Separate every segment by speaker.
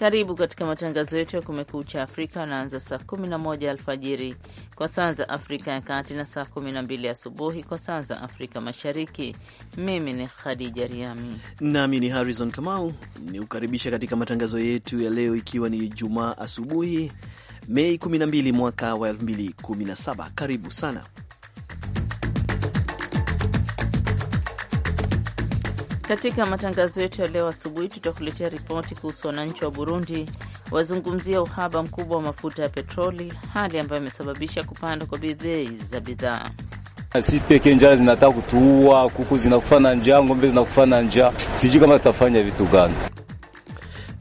Speaker 1: Karibu katika matangazo yetu ya Kumekucha Afrika anaanza saa 11 alfajiri kwa saa za Afrika ya Kati na saa 12 asubuhi kwa saa za Afrika Mashariki. Mimi ni Khadija Riami
Speaker 2: nami ni Harrison Kamau ni kukaribisha katika matangazo yetu ya leo, ikiwa ni Jumaa asubuhi Mei 12 mwaka wa 2017. Karibu sana
Speaker 1: Katika matangazo yetu ya leo asubuhi, tutakuletea ripoti kuhusu wananchi wa Burundi wazungumzia uhaba mkubwa wa mafuta ya petroli, hali ambayo imesababisha kupanda kwa bei za bidhaa.
Speaker 3: Si pekee njaa zinataka kutuua, kuku zinakufa na njaa, ng'ombe zinakufa na njaa, sijui kama tutafanya vitu gani.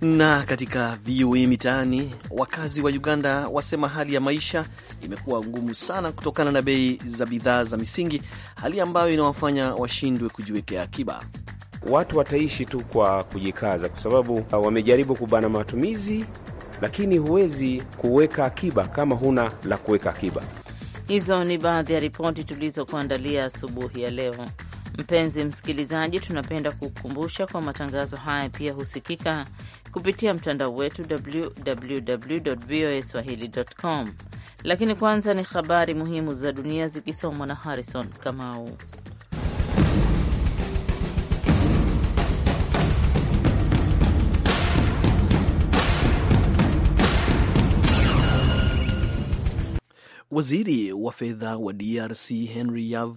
Speaker 2: Na katika VOA Mitaani, wakazi wa Uganda wasema hali ya maisha imekuwa ngumu sana kutokana na bei za bidhaa za misingi,
Speaker 4: hali ambayo inawafanya washindwe kujiwekea akiba watu wataishi tu kwa kujikaza, kwa sababu uh, wamejaribu kubana matumizi, lakini huwezi kuweka akiba kama huna la kuweka akiba.
Speaker 1: Hizo ni baadhi ya ripoti tulizokuandalia asubuhi ya leo. Mpenzi msikilizaji, tunapenda kukukumbusha kwa matangazo haya pia husikika kupitia mtandao wetu www voa swahili com. Lakini kwanza ni habari muhimu za dunia zikisomwa na Harrison Kamau.
Speaker 2: Waziri wa fedha wa DRC Henry Yav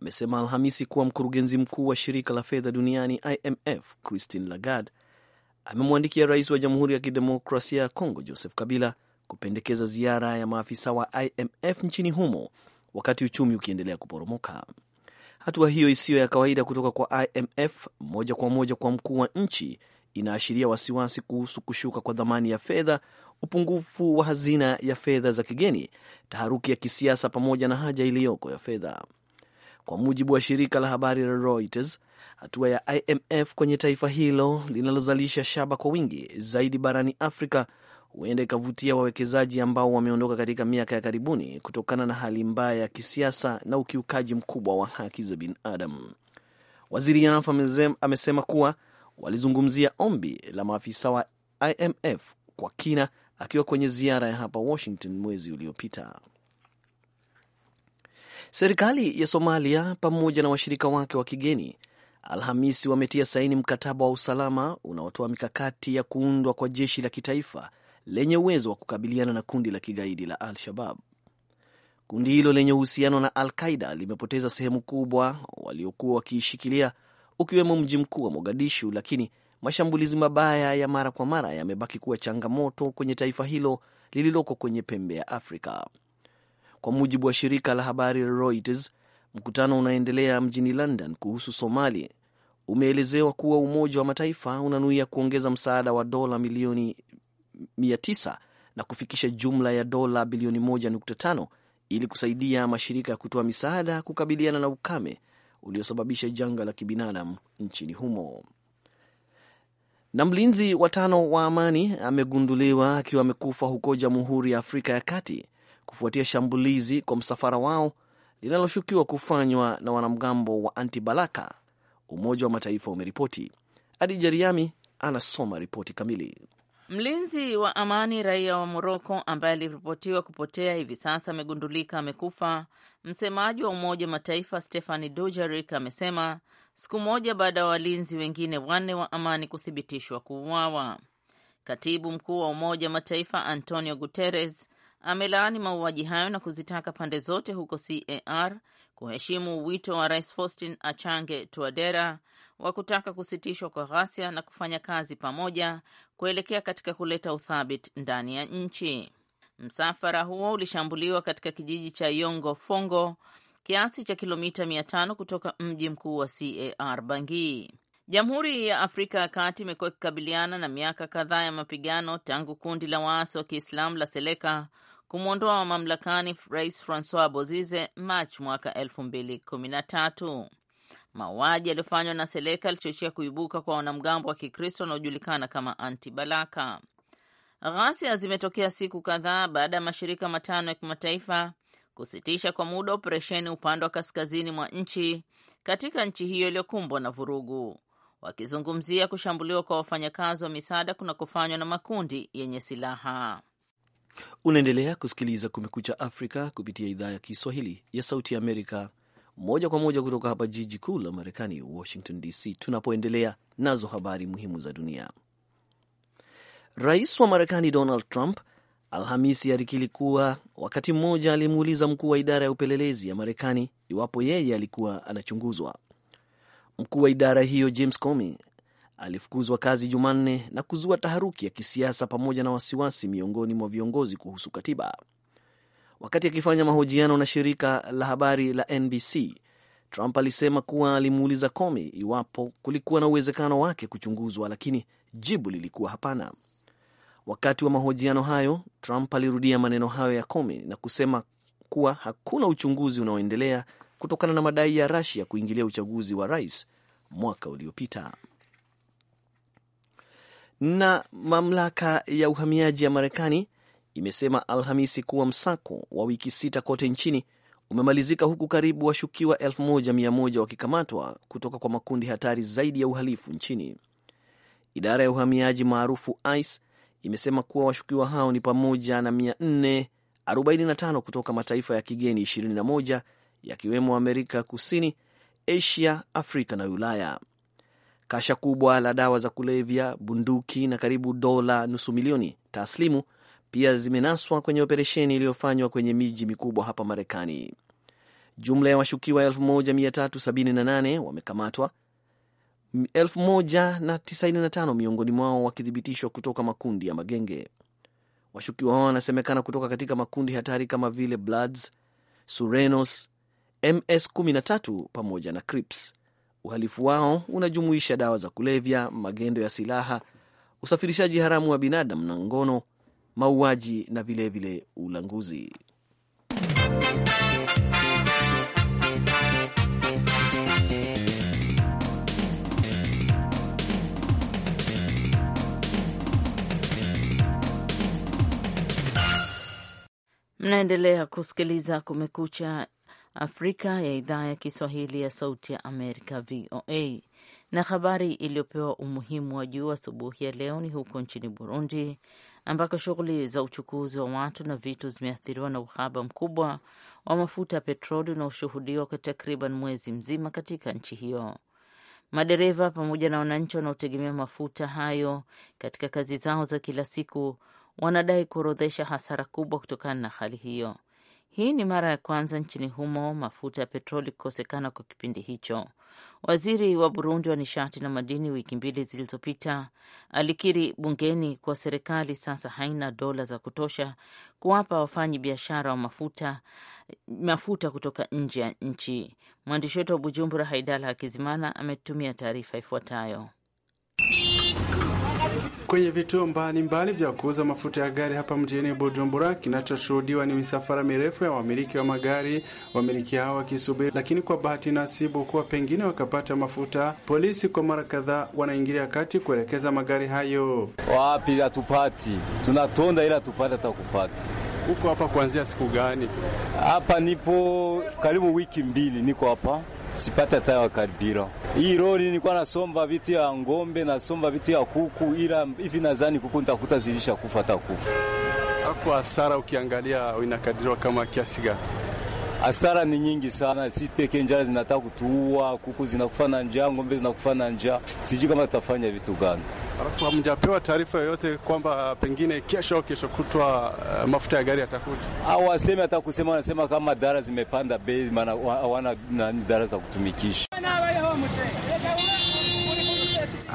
Speaker 2: amesema Alhamisi kuwa mkurugenzi mkuu wa shirika la fedha duniani IMF Christine Lagarde amemwandikia rais wa Jamhuri ya Kidemokrasia ya Kongo Joseph Kabila kupendekeza ziara ya maafisa wa IMF nchini humo wakati uchumi ukiendelea kuporomoka. Hatua hiyo isiyo ya kawaida kutoka kwa IMF moja kwa moja kwa mkuu wa nchi inaashiria wasiwasi kuhusu kushuka kwa dhamani ya fedha upungufu wa hazina ya fedha za kigeni, taharuki ya kisiasa, pamoja na haja iliyoko ya fedha. Kwa mujibu wa shirika la habari la Reuters, hatua ya IMF kwenye taifa hilo linalozalisha shaba kwa wingi zaidi barani Afrika huenda ikavutia wawekezaji ambao wameondoka katika miaka ya karibuni kutokana na hali mbaya ya kisiasa na ukiukaji mkubwa wa haki za binadamu. Waziri Yanaf amesema kuwa walizungumzia ombi la maafisa wa IMF kwa kina akiwa kwenye ziara ya hapa Washington mwezi uliopita. Serikali ya Somalia pamoja na washirika wake wa kigeni Alhamisi wametia saini mkataba wa usalama unaotoa mikakati ya kuundwa kwa jeshi la kitaifa lenye uwezo wa kukabiliana na kundi la kigaidi la Al-Shabab. Kundi hilo lenye uhusiano na Al-Qaida limepoteza sehemu kubwa waliokuwa wakiishikilia, ukiwemo mji mkuu wa Mogadishu, lakini mashambulizi mabaya ya mara kwa mara yamebaki kuwa changamoto kwenye taifa hilo lililoko kwenye pembe ya Afrika. Kwa mujibu wa shirika la habari la Reuters, mkutano unaendelea mjini London kuhusu Somali umeelezewa kuwa Umoja wa Mataifa unanuia kuongeza msaada wa dola milioni 900 na kufikisha jumla ya dola bilioni 1.5 ili kusaidia mashirika ya kutoa misaada kukabiliana na ukame uliosababisha janga la kibinadamu nchini humo na mlinzi wa tano wa amani amegunduliwa akiwa amekufa huko Jamhuri ya Afrika ya Kati kufuatia shambulizi kwa msafara wao linaloshukiwa kufanywa na wanamgambo wa antibalaka Umoja wa Mataifa umeripoti. adi Jeriami anasoma ripoti kamili.
Speaker 1: Mlinzi wa amani raia wa Moroko ambaye aliripotiwa kupotea hivi sasa amegundulika amekufa. Msemaji wa Umoja wa Mataifa Stephani Dujarik amesema siku moja baada ya walinzi wengine wanne wa amani kuthibitishwa kuuawa. Katibu mkuu wa Umoja wa Mataifa Antonio Guterres amelaani mauaji hayo na kuzitaka pande zote huko CAR kuheshimu wito wa Rais Faustin Achange tuadera wa kutaka kusitishwa kwa ghasia na kufanya kazi pamoja kuelekea katika kuleta uthabiti ndani ya nchi. Msafara huo ulishambuliwa katika kijiji cha Yongo Fongo, kiasi cha kilomita tano kutoka mji mkuu wa CAR Bangui. Jamhuri ya Afrika ya Kati imekuwa ikikabiliana na miaka kadhaa ya mapigano tangu kundi la waasi wa Kiislamu la Seleka kumwondoa mamlakani Rais Francois Bozize Machi mwaka elfu mbili kumi na tatu. Mauaji yaliyofanywa na Seleka alichochea kuibuka kwa wanamgambo wa Kikristo wanaojulikana kama Anti Balaka. Ghasia zimetokea siku kadhaa baada ya mashirika matano ya kimataifa kusitisha kwa muda operesheni upande wa kaskazini mwa nchi katika nchi hiyo iliyokumbwa na vurugu, wakizungumzia kushambuliwa kwa wafanyakazi wa misaada kunakofanywa na makundi yenye silaha.
Speaker 2: Unaendelea kusikiliza Kumekucha Afrika kupitia idhaa ya Kiswahili ya Sauti ya Amerika, moja kwa moja kutoka hapa jiji kuu la Marekani, Washington DC, tunapoendelea nazo habari muhimu za dunia. Rais wa Marekani Donald Trump Alhamisi alikiri kuwa wakati mmoja alimuuliza mkuu wa idara ya upelelezi ya Marekani iwapo yeye alikuwa anachunguzwa. Mkuu wa idara hiyo James Comey alifukuzwa kazi Jumanne na kuzua taharuki ya kisiasa pamoja na wasiwasi miongoni mwa viongozi kuhusu katiba. Wakati akifanya mahojiano na shirika la habari la NBC, Trump alisema kuwa alimuuliza Comey iwapo kulikuwa na uwezekano wake kuchunguzwa, lakini jibu lilikuwa hapana. Wakati wa mahojiano hayo, Trump alirudia maneno hayo ya Comey na kusema kuwa hakuna uchunguzi unaoendelea kutokana na madai ya Russia kuingilia uchaguzi wa rais mwaka uliopita. Na mamlaka ya uhamiaji ya Marekani imesema Alhamisi kuwa msako wa wiki sita kote nchini umemalizika huku karibu washukiwa 1100 wakikamatwa kutoka kwa makundi hatari zaidi ya uhalifu nchini. Idara ya uhamiaji maarufu ICE imesema kuwa washukiwa hao ni pamoja na 445 kutoka mataifa ya kigeni 21 yakiwemo Amerika Kusini, Asia, Afrika na Ulaya kasha kubwa la dawa za kulevya, bunduki na karibu dola nusu milioni taslimu pia zimenaswa kwenye operesheni iliyofanywa kwenye miji mikubwa hapa Marekani. Jumla ya washukiwa 1378 wamekamatwa, 1095 miongoni mwao wakithibitishwa kutoka makundi ya magenge. Washukiwa hao wanasemekana kutoka katika makundi hatari kama vile Bloods, Surenos, MS13 pamoja na Crips. Uhalifu wao unajumuisha dawa za kulevya, magendo ya silaha, usafirishaji haramu wa binadamu na ngono, mauaji na vilevile vile ulanguzi.
Speaker 1: Mnaendelea kusikiliza Kumekucha Afrika ya idhaa ya Kiswahili ya Sauti ya Amerika, VOA. Na habari iliyopewa umuhimu wa juu asubuhi ya leo ni huko nchini Burundi, ambako shughuli za uchukuzi wa watu na vitu zimeathiriwa na uhaba mkubwa wa mafuta ya petroli unaoshuhudiwa kwa takriban mwezi mzima katika nchi hiyo. Madereva pamoja na wananchi wanaotegemea mafuta hayo katika kazi zao za kila siku wanadai kuorodhesha hasara kubwa kutokana na hali hiyo. Hii ni mara ya kwanza nchini humo mafuta ya petroli kukosekana kwa kipindi hicho. Waziri wa Burundi wa nishati na madini, wiki mbili zilizopita, alikiri bungeni kuwa serikali sasa haina dola za kutosha kuwapa wafanyi biashara wa mafuta mafuta kutoka nje ya nchi. Mwandishi wetu wa Bujumbura, Haidala Hakizimana, ametumia taarifa ifuatayo.
Speaker 3: Kwenye vituo mbalimbali vya kuuza mafuta ya gari hapa mjini Bujumbura, kinachoshuhudiwa ni misafara mirefu ya wamiliki wa magari, wamiliki hao wakisubiri, lakini kwa bahati nasibu kuwa pengine wakapata mafuta. Polisi kwa mara kadhaa wanaingilia kati kuelekeza magari hayo. Wapi hatupati, tunatonda ila tupati atakupata huko. Hapa kuanzia siku gani? Hapa nipo karibu wiki mbili, niko hapa sipati hata ya karibilo. Hii lori nilikuwa nasomba vitu ya ngombe, nasomba vitu ya kuku, ila hivi nadhani kuku nitakuta zilisha kufa hata kufa. Afu hasara ukiangalia inakadiriwa kama kiasi gani? Hasara ni nyingi sana, si peke njaa zinataka kutuua, kuku zinakufa na njaa, ng'ombe zinakufa na njaa, sijui kama tutafanya vitu gani. Alafu hamjapewa ah, taarifa yoyote kwamba ah, pengine kesho au kesho kutwa ah, mafuta ya gari yatakuja? waseme hata kusema wanasema kama dara zimepanda bei, maana hawana dara za kutumikisha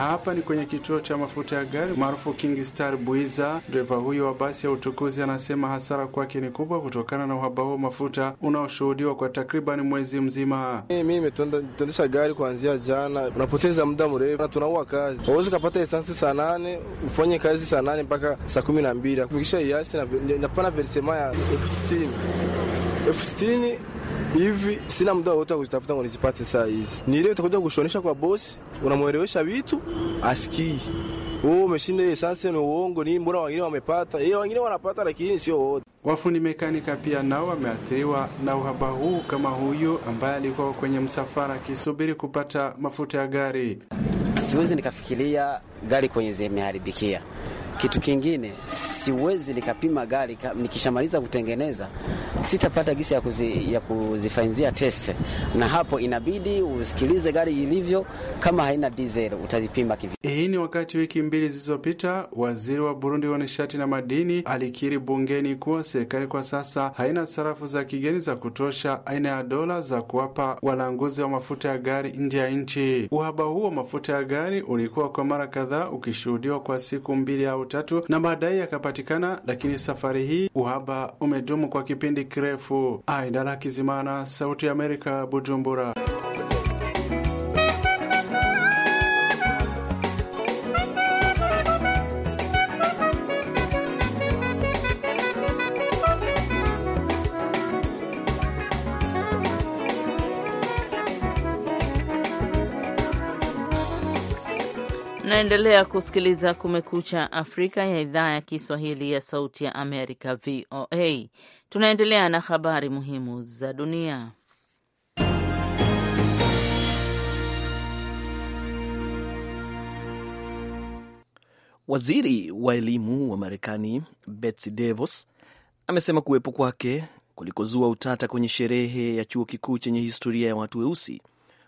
Speaker 3: hapa ni kwenye kituo cha mafuta ya gari maarufu King Star Buiza. Dereva huyo wa basi ya uchukuzi anasema hasara kwake ni kubwa kutokana na uhaba huo mafuta unaoshuhudiwa kwa takribani mwezi mzima. Mimi nimetuendesha gari kuanzia jana, unapoteza muda mrefu na tunaua kazi. Wawezi ukapata esansi saa nane ufanye kazi saa nane mpaka saa kumi na mbili akufikisha iasi napana verisema ya elfu sitini elfu sitini hivi sina muda wote kuzitafuta ngo nizipate saa hizi. Ni ile utakuja kushonesha kwa bosi, unamwelewesha vitu asikii. Wewe umeshinda hiyo sasa, ni uongo ni mbona wengine wamepata? hiyo? Eh, wengine wanapata lakini sio wote. Wafundi mekanika pia nao wameathiriwa na uhaba huu, kama huyu ambaye alikuwa kwenye msafara akisubiri kupata mafuta ya gari. Siwezi nikafikiria gari kwenye zimeharibikia. Kitu kingine siwezi nikapima gari nikishamaliza kutengeneza sitapata gisi ya, kuzi, ya test, na hapo inabidi usikilize gari ilivyo, kama haina diesel utazipima kivi. Hii ni wakati wiki mbili zilizopita waziri wa Burundi wa nishati na madini alikiri bungeni kuwa serikali kwa sasa haina sarafu za kigeni za kutosha aina ya dola za kuwapa walanguzi wa mafuta ya gari nje ya nchi. Uhaba huo wa mafuta ya gari ulikuwa kwa mara kadhaa ukishuhudiwa kwa siku mbili au tatu na baadaye yakapatikana, lakini safari hii uhaba umedumu kwa kipindi kirefu. Aidara Kizimana, Sauti ya Amerika, Bujumbura.
Speaker 1: Unaendelea kusikiliza Kumekucha Afrika ya idhaa ya Kiswahili ya Sauti ya Amerika, VOA. Tunaendelea na habari muhimu za dunia.
Speaker 2: Waziri wa elimu wa Marekani Betsy DeVos amesema kuwepo kwake kulikozua utata kwenye sherehe ya chuo kikuu chenye historia ya watu weusi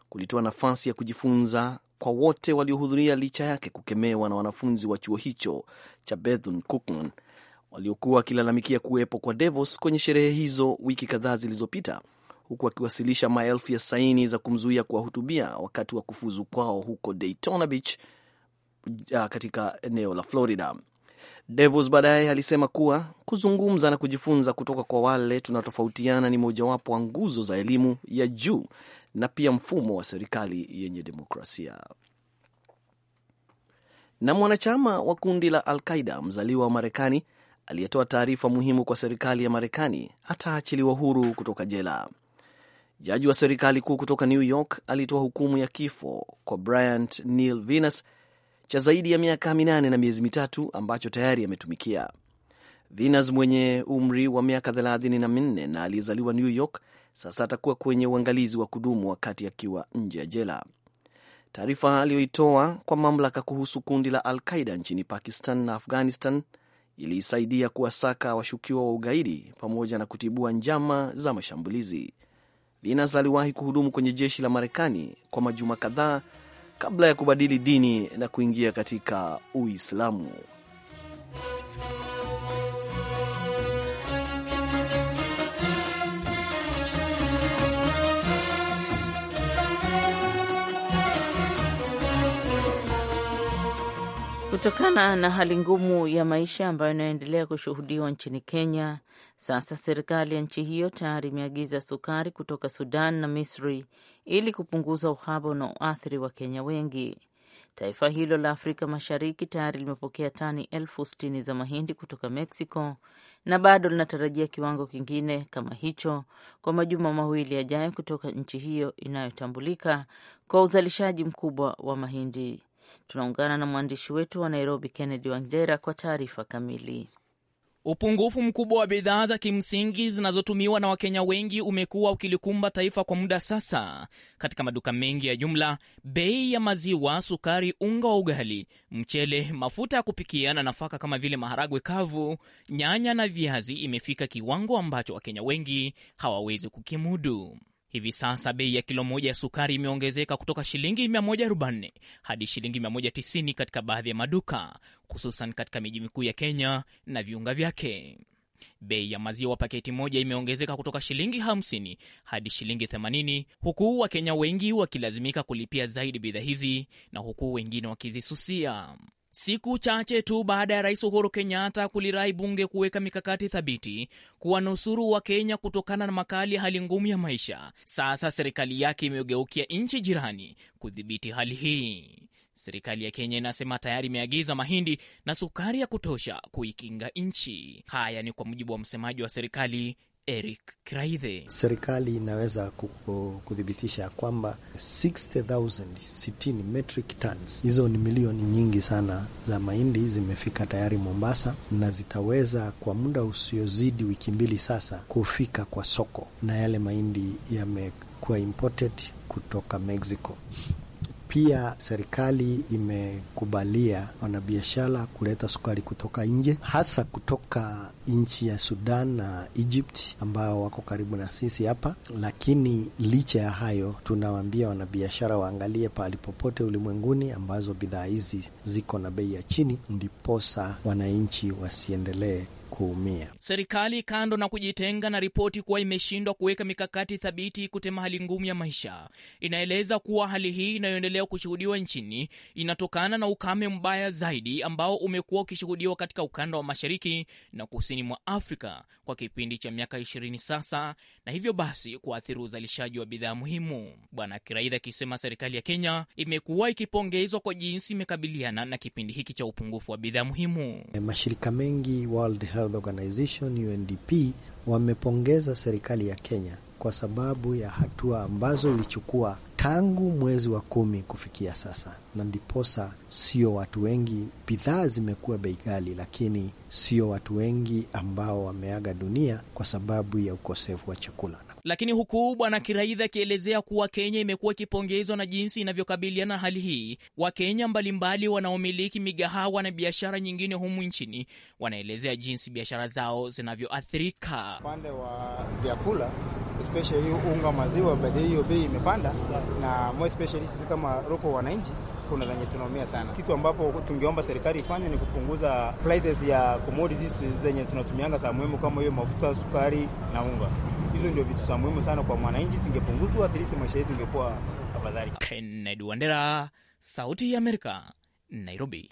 Speaker 2: kulitoa nafasi ya kujifunza kwa wote waliohudhuria licha yake kukemewa na wanafunzi wa chuo hicho cha Bethune Cookman waliokuwa wakilalamikia kuwepo kwa Devos kwenye sherehe hizo wiki kadhaa zilizopita, huku akiwasilisha maelfu ya saini za kumzuia kuwahutubia wakati wa kufuzu kwao huko Daytona Beach uh, katika eneo la Florida. Devos baadaye alisema kuwa kuzungumza na kujifunza kutoka kwa wale tunatofautiana ni mojawapo wa nguzo za elimu ya juu na pia mfumo wa serikali yenye demokrasia. Na mwanachama wa kundi la alqaida mzaliwa wa Marekani aliyetoa taarifa muhimu kwa serikali ya Marekani ataachiliwa huru kutoka jela. Jaji wa serikali kuu kutoka New York alitoa hukumu ya kifo kwa Bryant Neal Venus cha zaidi ya miaka minane na miezi mitatu ambacho tayari ametumikia. Venus mwenye umri wa miaka thelathini na minne na aliyezaliwa New York sasa atakuwa kwenye uangalizi wa kudumu wakati akiwa nje ya jela. Taarifa aliyoitoa kwa mamlaka kuhusu kundi la Al Qaida nchini Pakistan na Afghanistan iliisaidia kuwasaka washukiwa wa ugaidi pamoja na kutibua njama za mashambulizi. Linas aliwahi kuhudumu kwenye jeshi la Marekani kwa majuma kadhaa kabla ya kubadili dini na kuingia katika Uislamu.
Speaker 1: Kutokana na hali ngumu ya maisha ambayo inaendelea kushuhudiwa nchini Kenya, sasa serikali ya nchi hiyo tayari imeagiza sukari kutoka Sudan na Misri ili kupunguza uhaba unaoathiri kenya wengi. Taifa hilo la Afrika Mashariki tayari limepokea tani elfu sitini za mahindi kutoka Mexico na bado linatarajia kiwango kingine kama hicho kwa majuma mawili yajayo kutoka nchi hiyo inayotambulika kwa uzalishaji mkubwa wa mahindi. Tunaungana na mwandishi wetu wa Nairobi, Kennedy Wandera, kwa taarifa kamili. Upungufu mkubwa wa bidhaa
Speaker 5: za kimsingi zinazotumiwa na Wakenya wengi umekuwa ukilikumba taifa kwa muda sasa. Katika maduka mengi ya jumla, bei ya maziwa, sukari, unga wa ugali, mchele, mafuta ya kupikia na nafaka kama vile maharagwe kavu, nyanya na viazi imefika kiwango ambacho Wakenya wengi hawawezi kukimudu. Hivi sasa bei ya kilo moja ya sukari imeongezeka kutoka shilingi 140 hadi shilingi 190 katika baadhi ya maduka, hususan katika miji mikuu ya Kenya na viunga vyake. Bei ya maziwa paketi moja imeongezeka kutoka shilingi 50 hadi shilingi 80, huku Wakenya wengi wakilazimika kulipia zaidi bidhaa hizi na huku wengine wakizisusia. Siku chache tu baada ya Rais Uhuru Kenyatta kulirai bunge kuweka mikakati thabiti kuwanusuru wa Kenya kutokana na makali hali ngumu ya maisha, sasa serikali yake imegeukia nchi jirani kudhibiti hali hii. Serikali ya Kenya inasema tayari imeagiza mahindi na sukari ya kutosha kuikinga nchi. Haya ni kwa mujibu wa msemaji wa serikali Eric Kraithe.
Speaker 6: Serikali inaweza kuthibitisha kwamba 60,000 metric tons, hizo ni milioni nyingi sana za mahindi zimefika tayari Mombasa, na zitaweza kwa muda usiozidi wiki mbili sasa kufika kwa soko, na yale mahindi yamekuwa imported kutoka Mexico. Pia serikali imekubalia wanabiashara kuleta sukari kutoka nje, hasa kutoka nchi ya Sudan na Egypt ambao wako karibu na sisi hapa. Lakini licha ya hayo, tunawaambia wanabiashara waangalie pahali popote ulimwenguni ambazo bidhaa hizi ziko na bei ya chini, ndiposa wananchi wasiendelee kuumia.
Speaker 5: Serikali kando na kujitenga na ripoti kuwa imeshindwa kuweka mikakati thabiti kutema hali ngumu ya maisha, inaeleza kuwa hali hii inayoendelea kushuhudiwa nchini inatokana na ukame mbaya zaidi ambao umekuwa ukishuhudiwa katika ukanda wa mashariki na kusini mwa Afrika kwa kipindi cha miaka ishirini sasa, na hivyo basi kuathiri uzalishaji wa bidhaa muhimu. Bwana Kiraidha akisema serikali ya Kenya imekuwa ikipongezwa kwa jinsi imekabiliana na kipindi hiki cha upungufu wa bidhaa muhimu.
Speaker 6: Eh, mashirika mengi World Health Health Organization UNDP wamepongeza serikali ya Kenya kwa sababu ya hatua ambazo ilichukua tangu mwezi wa kumi kufikia sasa, na ndiposa sio watu wengi, bidhaa zimekuwa bei ghali, lakini sio watu wengi ambao wameaga dunia kwa sababu ya ukosefu wa chakula.
Speaker 5: Lakini huku Bwana Kiraidha akielezea kuwa Kenya imekuwa ikipongezwa na jinsi inavyokabiliana na hali hii, Wakenya mbalimbali wanaomiliki migahawa na biashara nyingine humu nchini wanaelezea jinsi biashara zao zinavyoathirika
Speaker 1: upande wa
Speaker 3: vyakula, especially unga, maziwa, baadhi hiyo bei imepanda
Speaker 4: na more especially sisi kama roko wananchi, kuna zenye tunaumia sana. Kitu ambapo tungeomba serikali ifanye ni kupunguza prices ya commodities zenye tunatumianga za muhimu kama hiyo mafuta,
Speaker 5: sukari na unga. Hizo ndio vitu za muhimu sana kwa mwananchi, zingepunguzwa at least maisha yetu ingekuwa afadhali. Kennedy Wandera, Sauti ya Amerika, Nairobi.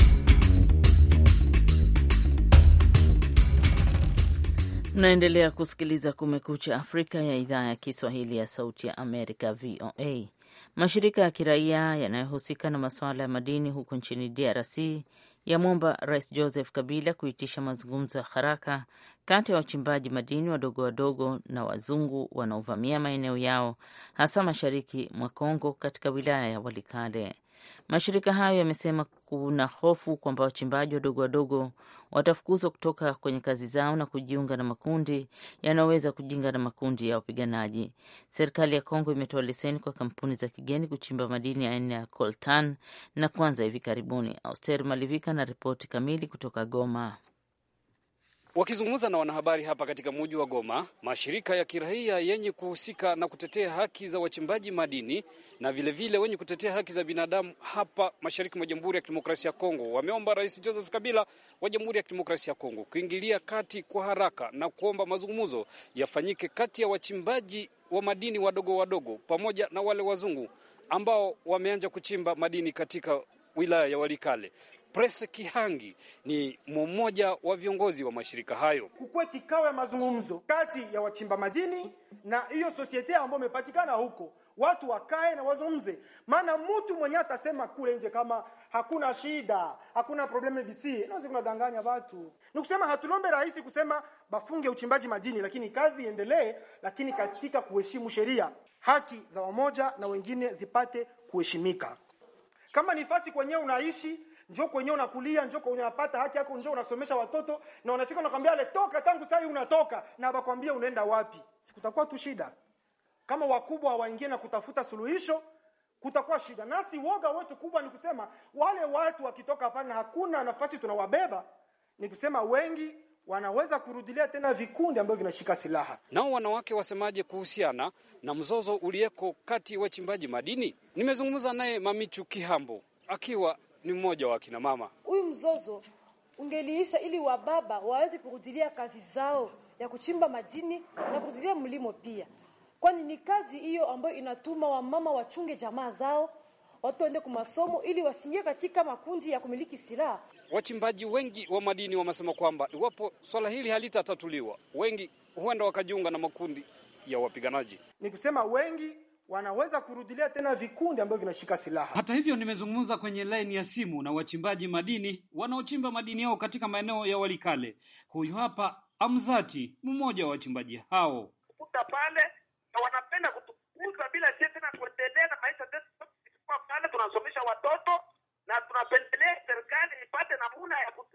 Speaker 1: Mnaendelea kusikiliza Kumekucha Afrika ya idhaa ya Kiswahili ya Sauti ya Amerika, VOA. Mashirika ya kiraia yanayohusika na masuala ya madini huko nchini DRC yamwomba Rais Joseph Kabila kuitisha mazungumzo ya haraka kati ya wachimbaji madini wadogo wadogo na wazungu wanaovamia maeneo yao hasa mashariki mwa Kongo katika wilaya ya Walikale. Mashirika hayo yamesema kuna hofu kwamba wachimbaji wadogo wadogo watafukuzwa kutoka kwenye kazi zao na kujiunga na makundi yanayoweza kujiunga na makundi ya wapiganaji. Serikali ya Kongo imetoa leseni kwa kampuni za kigeni kuchimba madini aina ya coltan na kwanza hivi karibuni. Auster Malivika na ripoti kamili kutoka Goma.
Speaker 7: Wakizungumza na wanahabari hapa katika mji wa Goma, mashirika ya kiraia yenye kuhusika na kutetea haki za wachimbaji madini na vilevile vile wenye kutetea haki za binadamu hapa mashariki mwa Jamhuri ya Kidemokrasia ya Kongo wameomba Rais Joseph Kabila wa Jamhuri ya Kidemokrasia ya Kongo kuingilia kati kwa haraka na kuomba mazungumzo yafanyike kati ya wachimbaji wa madini wadogo wadogo pamoja na wale wazungu ambao wameanza kuchimba madini katika wilaya ya Walikale. Prese Kihangi ni mmoja wa viongozi wa mashirika hayo.
Speaker 8: Kukuwe kikao ya mazungumzo kati ya wachimba madini na hiyo sosiete ambayo imepatikana huko, watu wakae na wazungumze, maana mtu mwenye atasema kule nje kama hakuna shida, hakuna probleme bisi, naweza kunadanganya watu. Ni kusema hatulombe rais kusema bafunge uchimbaji madini, lakini kazi iendelee, lakini katika kuheshimu sheria, haki za wamoja na wengine zipate kuheshimika. Kama nifasi kwenyewe unaishi njoo kwenyewe unakulia, njoo kwenyewe unapata haki yako, njoo unasomesha watoto, na unafika unakwambia ale toka, tangu sasa unatoka, na abakwambia unaenda wapi? Sikutakuwa tu shida kama wakubwa hawaingie na kutafuta suluhisho kutakuwa shida. Nasi woga wetu kubwa ni kusema wale watu wakitoka hapa na hakuna nafasi tunawabeba, ni kusema wengi wanaweza kurudilia tena vikundi ambavyo vinashika silaha.
Speaker 7: Nao wanawake wasemaje kuhusiana na mzozo ulieko kati ya wachimbaji madini? Nimezungumza naye Mamichu Kihambo akiwa ni mmoja wa kina mama.
Speaker 8: Huyu mzozo ungeliisha ili wababa waweze kurudilia kazi zao ya kuchimba madini na kurudilia mlimo pia, kwani ni kazi hiyo ambayo inatuma wamama wachunge jamaa zao, watu waende kumasomo ili wasiingie katika makundi ya kumiliki silaha.
Speaker 7: Wachimbaji wengi wa madini wamesema kwamba iwapo swala hili halitatatuliwa, wengi huenda wakajiunga na makundi ya wapiganaji. Ni kusema wengi
Speaker 8: wanaweza kurudilia tena vikundi ambavyo vinashika silaha.
Speaker 7: Hata hivyo, nimezungumza kwenye laini ya simu na wachimbaji madini wanaochimba madini yao katika maeneo ya Walikale. Huyu hapa Amzati, mmoja wa wachimbaji hao. Kuta pale na wanapenda
Speaker 8: kutukuza bila sie tena kuendelea na maisha yetu pale, tunasomesha watoto na tunapendelea serikali ipate namuna ya kutu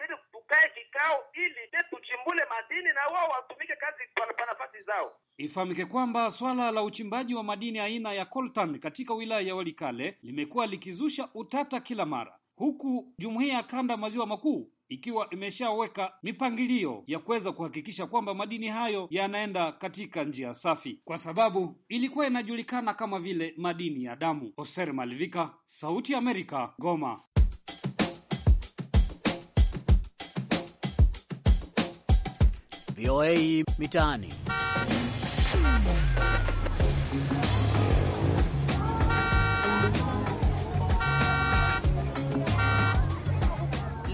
Speaker 8: yao ili tuchimbule madini na wao watumike kazi
Speaker 7: kwa nafasi zao. Ifahamike kwamba swala la uchimbaji wa madini aina ya coltan katika wilaya ya Walikale limekuwa likizusha utata kila mara, huku jumuiya ya kanda maziwa makuu ikiwa imeshaweka mipangilio ya kuweza kuhakikisha kwamba madini hayo yanaenda katika njia safi, kwa sababu ilikuwa inajulikana kama vile madini ya damu. hoser Malivika, Sauti ya Amerika, Goma.
Speaker 5: VOA Mitaani.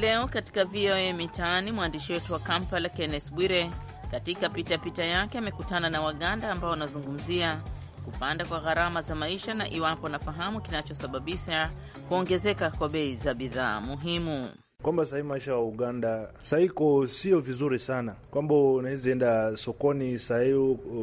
Speaker 1: Leo katika VOA Mitaani, mwandishi wetu wa Kampala Kenneth Bwire katika pitapita yake amekutana na Waganda ambao wanazungumzia kupanda kwa gharama za maisha na iwapo nafahamu kinachosababisha kuongezeka kwa bei za bidhaa muhimu
Speaker 9: kwamba sahii maisha wa Uganda saiko sio vizuri sana, kwamba unaweza enda sokoni sahii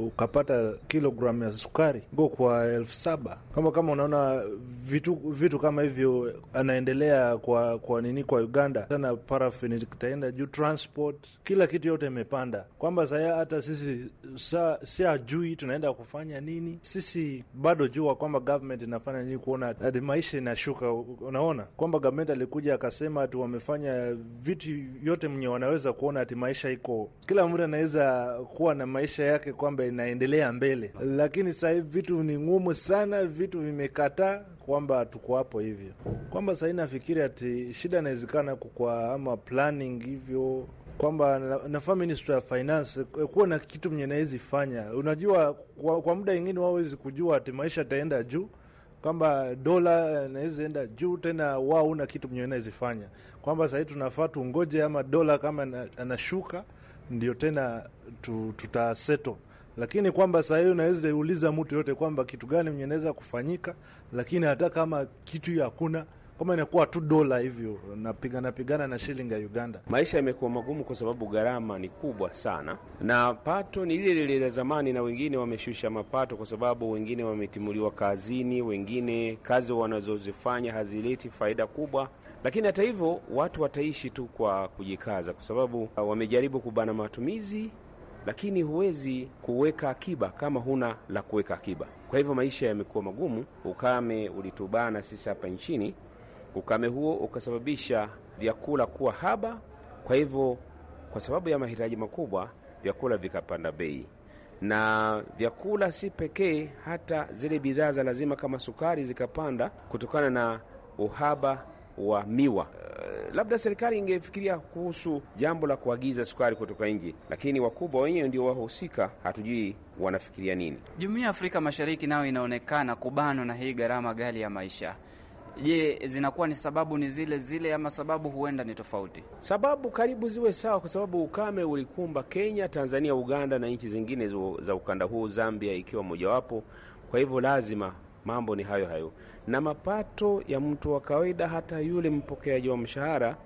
Speaker 9: ukapata kilogram ya sukari go kwa elfu saba kwamba kama unaona vitu, vitu kama hivyo anaendelea kwa kwa nini kwa Uganda sana, parafini itaenda juu, transport kila kitu yote imepanda, kwamba sahii hata sisi sa, si ajui tunaenda kufanya nini sisi, bado jua kwamba government inafanya nini kuona ati maisha inashuka. Unaona kwamba government alikuja akasema ati wamef kufanya vitu yote mwenye wanaweza kuona ati maisha iko, kila mtu anaweza kuwa na maisha yake kwamba inaendelea mbele, lakini saa hivi vitu ni ngumu sana, vitu vimekataa kwamba tuko hapo hivyo, kwamba sahii nafikiri ati shida inawezekana kukwa ama planning hivyo kwamba nafaa ministry ya finance eh, kuwa na kitu mwenye nawezi fanya. Unajua, kwa, kwa muda ingine wawezi kujua ati maisha ataenda juu kwamba dola inaweza enda juu tena, wao una kitu mwenyewe naezifanya kwamba sahii tunafaa tungoje ama dola kama anashuka ndio tena tutaseto lakini kwamba sahii unaweza uliza mtu yote kwamba kitu gani mwenyewe naweza kufanyika, lakini hata kama kitu hiyo hakuna, kama inakuwa tu dola hivyo, napigana pigana na shilingi ya Uganda.
Speaker 4: Maisha yamekuwa magumu kwa sababu gharama ni kubwa sana, na pato ni lile lile la zamani, na wengine wameshusha mapato kwa sababu wengine wametimuliwa kazini, wengine kazi wanazozifanya hazileti faida kubwa lakini hata hivyo watu wataishi tu kwa kujikaza, kwa sababu wamejaribu kubana matumizi, lakini huwezi kuweka akiba kama huna la kuweka akiba. Kwa hivyo maisha yamekuwa magumu. Ukame ulitubana sisi hapa nchini, Ukame huo ukasababisha vyakula kuwa haba, kwa hivyo, kwa sababu ya mahitaji makubwa, vyakula vikapanda bei. Na vyakula si pekee, hata zile bidhaa za lazima kama sukari zikapanda kutokana na uhaba wa miwa. Uh, labda serikali ingefikiria kuhusu jambo la kuagiza sukari kutoka nje, lakini wakubwa wenyewe ndio wahusika, hatujui wanafikiria nini.
Speaker 7: Jumuiya ya Afrika Mashariki nayo inaonekana kubanwa na hii gharama ghali ya maisha. Je, zinakuwa ni sababu ni zile zile ama sababu huenda ni tofauti?
Speaker 4: Sababu karibu ziwe sawa, kwa sababu ukame ulikumba Kenya, Tanzania, Uganda na nchi zingine za ukanda huu, Zambia ikiwa mojawapo. Kwa hivyo lazima mambo ni hayo hayo, na mapato ya mtu wa kawaida, hata yule mpokeaji wa mshahara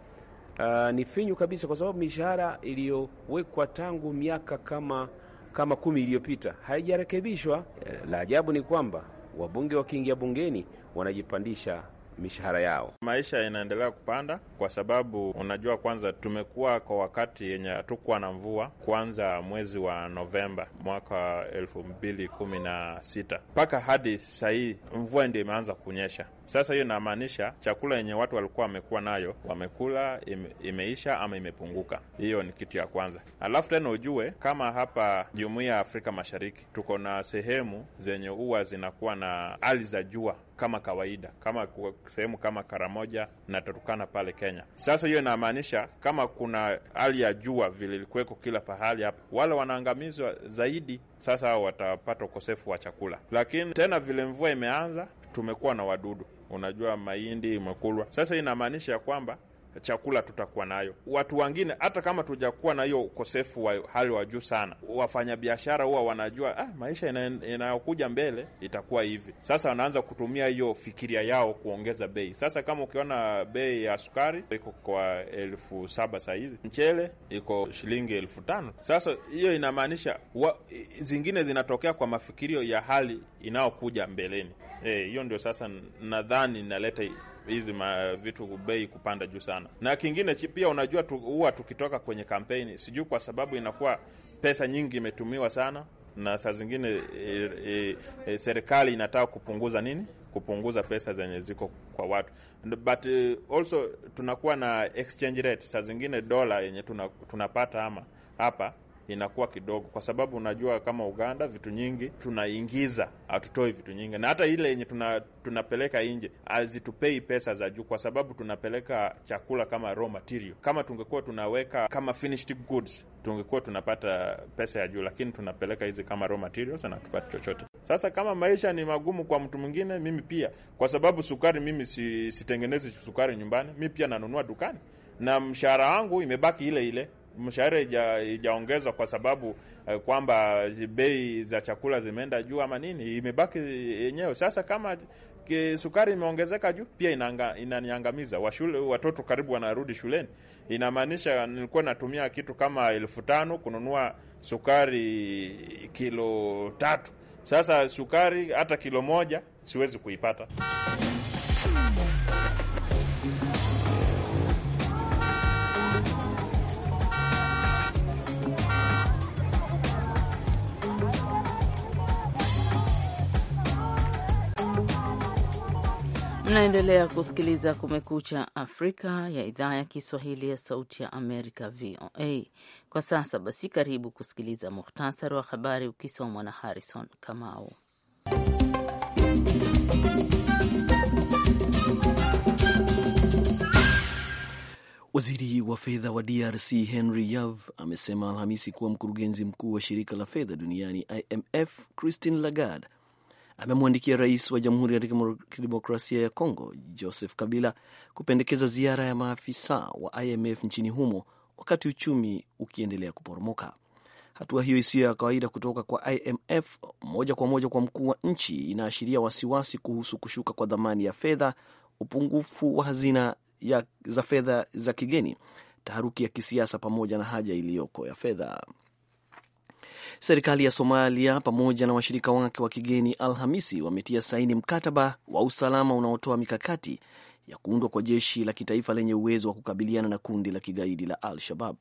Speaker 4: uh, ni finyu kabisa, kwa sababu mishahara iliyowekwa tangu miaka kama kama kumi iliyopita haijarekebishwa. Eh, la ajabu ni kwamba wabunge wakiingia bungeni wanajipandisha mishahara yao. Maisha inaendelea
Speaker 10: kupanda kwa sababu unajua, kwanza tumekuwa kwa wakati yenye hatukuwa na mvua kwanza mwezi wa Novemba mwaka elfu mbili kumi na sita mpaka hadi sahii mvua ndio imeanza kunyesha. Sasa hiyo inamaanisha chakula yenye watu walikuwa wamekuwa nayo wamekula ime, imeisha ama imepunguka. Hiyo ni kitu ya kwanza. Alafu tena ujue kama hapa jumuiya ya Afrika Mashariki tuko na sehemu zenye huwa zinakuwa na hali za jua kama kawaida, kama sehemu kama Karamoja na Turkana pale Kenya. Sasa hiyo inamaanisha kama kuna hali ya jua vile ilikuweko kila pahali hapa, wale wanaangamizwa zaidi. Sasa watapata ukosefu wa chakula, lakini tena vile mvua imeanza, tumekuwa na wadudu unajua mahindi imekulwa. Sasa inamaanisha ya kwamba chakula tutakuwa nayo. Watu wengine hata kama tujakuwa na hiyo ukosefu wa hali wa juu sana, wafanyabiashara huwa wanajua ah, maisha inayokuja mbele itakuwa hivi. Sasa wanaanza kutumia hiyo fikiria yao kuongeza bei. Sasa kama ukiona bei ya sukari iko kwa elfu saba sahizi, mchele iko shilingi elfu tano. Sasa hiyo inamaanisha zingine zinatokea kwa mafikirio ya hali inayokuja mbeleni. Eh, hiyo e, ndio sasa nadhani naleta hizi vitu bei kupanda juu sana. Na kingine pia, unajua huwa tu, tukitoka kwenye kampeni, sijui kwa sababu inakuwa pesa nyingi imetumiwa sana, na saa zingine e, e, e, serikali inataka kupunguza nini, kupunguza pesa zenye ziko kwa watu, but uh, also tunakuwa na exchange rate saa zingine dola yenye tunapata tuna ama hapa inakuwa kidogo, kwa sababu unajua kama Uganda vitu nyingi tunaingiza, hatutoi vitu nyingi, na hata ile yenye tuna, tunapeleka nje hazitupei pesa za juu, kwa sababu tunapeleka chakula kama raw material. Kama tungekuwa tunaweka kama finished goods tungekuwa tunapata pesa ya juu, lakini tunapeleka hizi kama raw materials na tupate chochote. Sasa kama maisha ni magumu kwa mtu mwingine, mimi pia, kwa sababu sukari mimi si, sitengenezi sukari nyumbani, mi pia nanunua dukani na mshahara wangu imebaki ile ile mshahara ijaongezwa kwa sababu uh, kwamba bei za chakula zimeenda juu ama nini, imebaki yenyewe. Sasa kama sukari imeongezeka juu, pia inaniangamiza. Washule watoto karibu wanarudi shuleni, inamaanisha nilikuwa natumia kitu kama elfu tano kununua sukari kilo tatu. Sasa sukari hata kilo moja siwezi kuipata.
Speaker 1: Mnaendelea kusikiliza Kumekucha Afrika ya idhaa ya Kiswahili ya Sauti ya Amerika, VOA. Kwa sasa basi, karibu kusikiliza muhtasari wa habari ukisomwa na Harrison Kamau.
Speaker 2: Waziri wa fedha wa DRC Henry Yav amesema Alhamisi kuwa mkurugenzi mkuu wa shirika la fedha duniani IMF Christine Lagarde amemwandikia rais wa Jamhuri ya Kidemokrasia ya Kongo Joseph Kabila kupendekeza ziara ya maafisa wa IMF nchini humo wakati uchumi ukiendelea kuporomoka. Hatua hiyo isiyo ya kawaida kutoka kwa IMF moja kwa moja kwa mkuu wa nchi inaashiria wasiwasi kuhusu kushuka kwa dhamani ya fedha, upungufu wa hazina ya za fedha za kigeni, taharuki ya kisiasa, pamoja na haja iliyoko ya fedha. Serikali ya Somalia pamoja na washirika wake wa kigeni Alhamisi wametia saini mkataba wa usalama unaotoa mikakati ya kuundwa kwa jeshi la kitaifa lenye uwezo wa kukabiliana na kundi la kigaidi la Al-Shabab.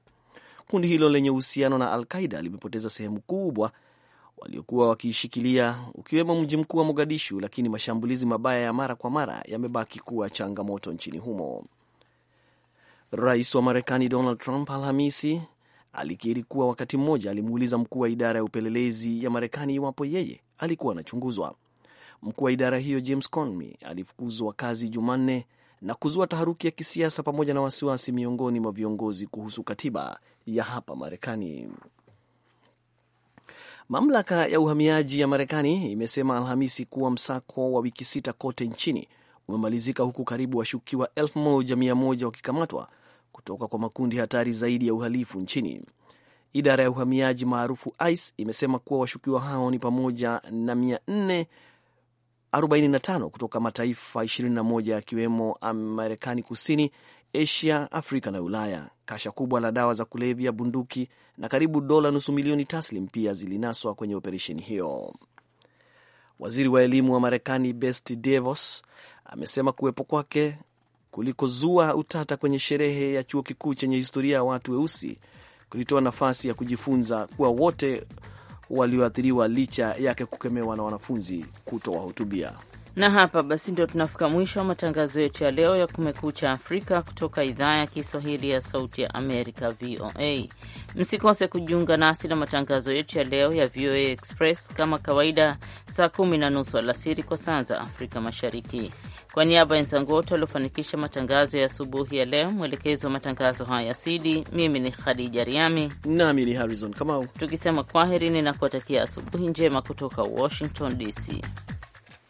Speaker 2: Kundi hilo lenye uhusiano na Al-Qaida limepoteza sehemu kubwa waliokuwa wakiishikilia ukiwemo mji mkuu wa Mogadishu, lakini mashambulizi mabaya ya mara kwa mara yamebaki kuwa changamoto nchini humo. Rais wa Marekani Donald Trump Alhamisi alikiri kuwa wakati mmoja alimuuliza mkuu wa idara ya upelelezi ya Marekani iwapo yeye alikuwa anachunguzwa. Mkuu wa idara hiyo James Comey alifukuzwa kazi Jumanne na kuzua taharuki ya kisiasa pamoja na wasiwasi miongoni mwa viongozi kuhusu katiba ya hapa Marekani. Mamlaka ya uhamiaji ya Marekani imesema Alhamisi kuwa msako wa wiki sita kote nchini umemalizika huku karibu washukiwa elfu moja mia moja wakikamatwa kutoka kwa makundi hatari zaidi ya uhalifu nchini. Idara ya uhamiaji maarufu ICE imesema kuwa washukiwa hao ni pamoja na 445 kutoka mataifa 21 yakiwemo Marekani Kusini, Asia, Afrika na Ulaya. Kasha kubwa la dawa za kulevya, bunduki na karibu dola nusu milioni taslim pia zilinaswa kwenye operesheni hiyo. Waziri wa elimu wa Marekani Betsy DeVos amesema kuwepo kwake kulikozua utata kwenye sherehe ya chuo kikuu chenye historia ya watu weusi kulitoa nafasi ya kujifunza kuwa wote walioathiriwa licha yake kukemewa na wanafunzi kutowahutubia.
Speaker 1: Na hapa basi ndio tunafika mwisho wa matangazo yetu ya leo ya Kumekucha Afrika kutoka idhaa ya Kiswahili ya Sauti ya Amerika, VOA. Msikose kujiunga nasi na matangazo yetu ya leo ya VOA Express kama kawaida, saa kumi na nusu alasiri kwa saa za Afrika Mashariki. Kwa niaba ya wenzangu wote waliofanikisha matangazo ya asubuhi ya leo, mwelekezi wa matangazo haya Sidi, mimi ni Khadija Riami nami ni Harrison Kamau, tukisema kwaherini na kuwatakia asubuhi njema kutoka Washington DC.